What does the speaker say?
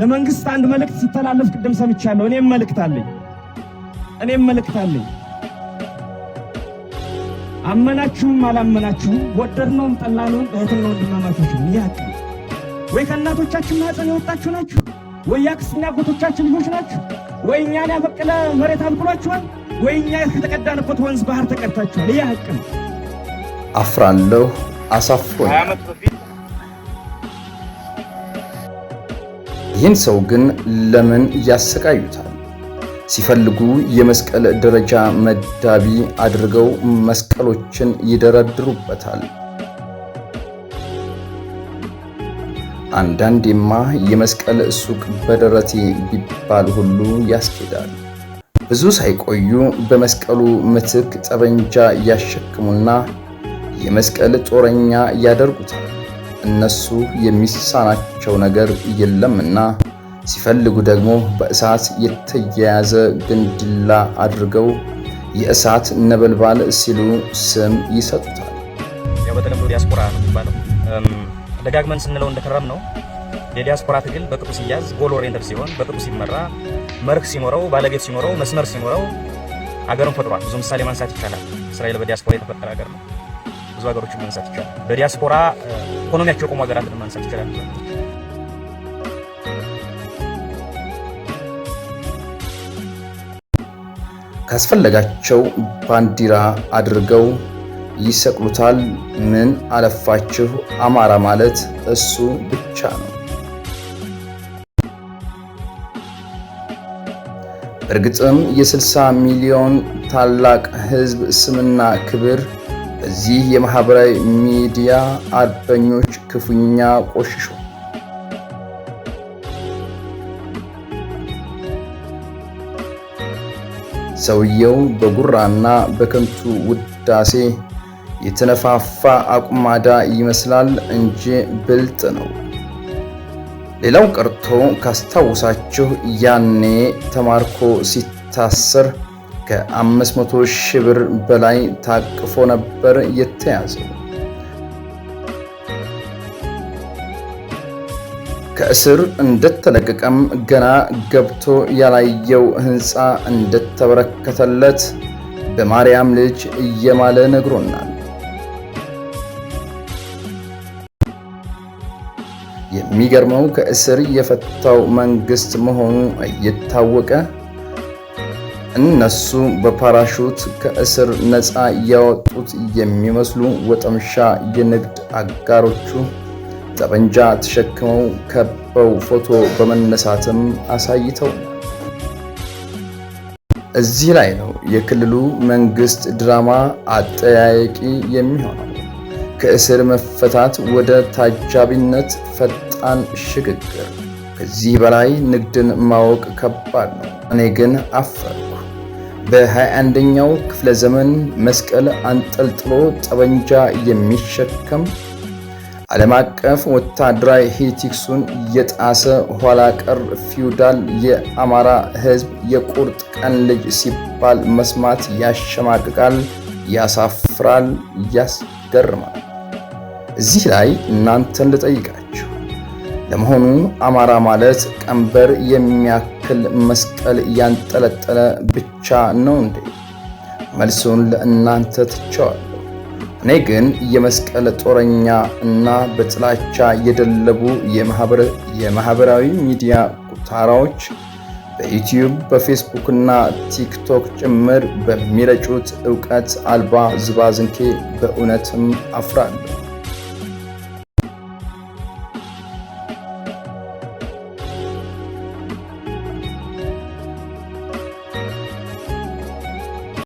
ለመንግስት አንድ መልእክት ሲተላለፍ ቅድም ሰምቻለሁ። እኔም መልእክት አለኝ፣ እኔም መልእክት አለኝ። አመናችሁም አላመናችሁም ወደድነውም ጠላነውም እህትና ወንድማማቾች ይያቅ ወይ ከእናቶቻችን ማኅፀን የወጣችሁ ናችሁ፣ ወይ የአክስትና አጎቶቻችን ልጆች ናችሁ፣ ወይ እኛን ያበቀለ መሬት አብቅሏችኋል፣ ወይ እኛ ከተቀዳንበት ወንዝ ባህር ተቀድታችኋል። ይህ ሐቅ ነው። አፍራለሁ፣ አሳፍሮኝ ይህን ሰው ግን ለምን ያሰቃዩታል? ሲፈልጉ የመስቀል ደረጃ መዳቢ አድርገው መስቀሎችን ይደረድሩበታል። አንዳንዴማ የመስቀል ሱቅ በደረቴ ቢባል ሁሉ ያስኬዳል። ብዙ ሳይቆዩ በመስቀሉ ምትክ ጠበንጃ ያሸክሙና የመስቀል ጦረኛ ያደርጉታል። እነሱ የሚሳናቸው ነገር የለምና ሲፈልጉ ደግሞ በእሳት የተያያዘ ግንድላ አድርገው የእሳት ነበልባል ሲሉ ስም ይሰጡታል። ያው በተለምዶ ዲያስፖራ ነው የሚባለው። ደጋግመን ስንለው እንደከረም ነው። የዲያስፖራ ትግል በቅጡ ሲያዝ ጎል ኦሪየንተድ ሲሆን፣ በቅጡ ሲመራ፣ መርህ ሲኖረው፣ ባለቤት ሲኖረው፣ መስመር ሲኖረው ሀገርን ፈጥሯል። ብዙ ምሳሌ ማንሳት ይቻላል። እስራኤል በዲያስፖራ የተፈጠረ ሀገር ነው። ብዙ ሀገሮችን ማንሳት ይቻላል። በዲያስፖራ ኢኮኖሚያቸው የቆሙ ሀገራትን ማንሳት ይቻላል። ካስፈለጋቸው ባንዲራ አድርገው ይሰቅሉታል። ምን አለፋችሁ አማራ ማለት እሱ ብቻ ነው። እርግጥም የ60 ሚሊዮን ታላቅ ህዝብ ስምና ክብር በዚህ የማህበራዊ ሚዲያ አርበኞች ክፉኛ ቆሽሹ። ሰውየው በጉራና በከንቱ ውዳሴ የተነፋፋ አቁማዳ ይመስላል እንጂ ብልጥ ነው። ሌላው ቀርቶ ካስታውሳችሁ ያኔ ተማርኮ ሲታሰር ከ500 ሺህ ብር በላይ ታቅፎ ነበር የተያዘው። ከእስር እንደተለቀቀም ገና ገብቶ ያላየው ህንፃ እንደተበረከተለት በማርያም ልጅ እየማለ ነግሮናል። የሚገርመው ከእስር የፈታው መንግስት መሆኑ እየታወቀ እነሱ በፓራሹት ከእስር ነፃ ያወጡት የሚመስሉ ወጠምሻ የንግድ አጋሮቹ ጠመንጃ ተሸክመው ከበው ፎቶ በመነሳትም አሳይተው። እዚህ ላይ ነው የክልሉ መንግስት ድራማ አጠያያቂ የሚሆነው። ከእስር መፈታት ወደ ታጃቢነት ፈጣን ሽግግር። ከዚህ በላይ ንግድን ማወቅ ከባድ ነው። እኔ ግን አፈር በ21ኛው ክፍለ ዘመን መስቀል አንጠልጥሎ ጠበንጃ የሚሸከም ዓለም አቀፍ ወታደራዊ ሄቲክሱን የጣሰ ኋላ ቀር ፊውዳል የአማራ ሕዝብ የቁርጥ ቀን ልጅ ሲባል መስማት ያሸማቅቃል፣ ያሳፍራል፣ ያስገርማል። እዚህ ላይ እናንተን ልጠይቃችሁ፣ ለመሆኑ አማራ ማለት ቀንበር የሚያ ያክል መስቀል እያንጠለጠለ ብቻ ነው እንዴ? መልሱን ለእናንተ ትቸዋል። እኔ ግን የመስቀል ጦረኛ እና በጥላቻ የደለቡ የማህበራዊ ሚዲያ ቁታራዎች በዩቲዩብ በፌስቡክ እና ቲክቶክ ጭምር በሚረጩት እውቀት አልባ ዝባዝንኬ በእውነትም አፍራለሁ።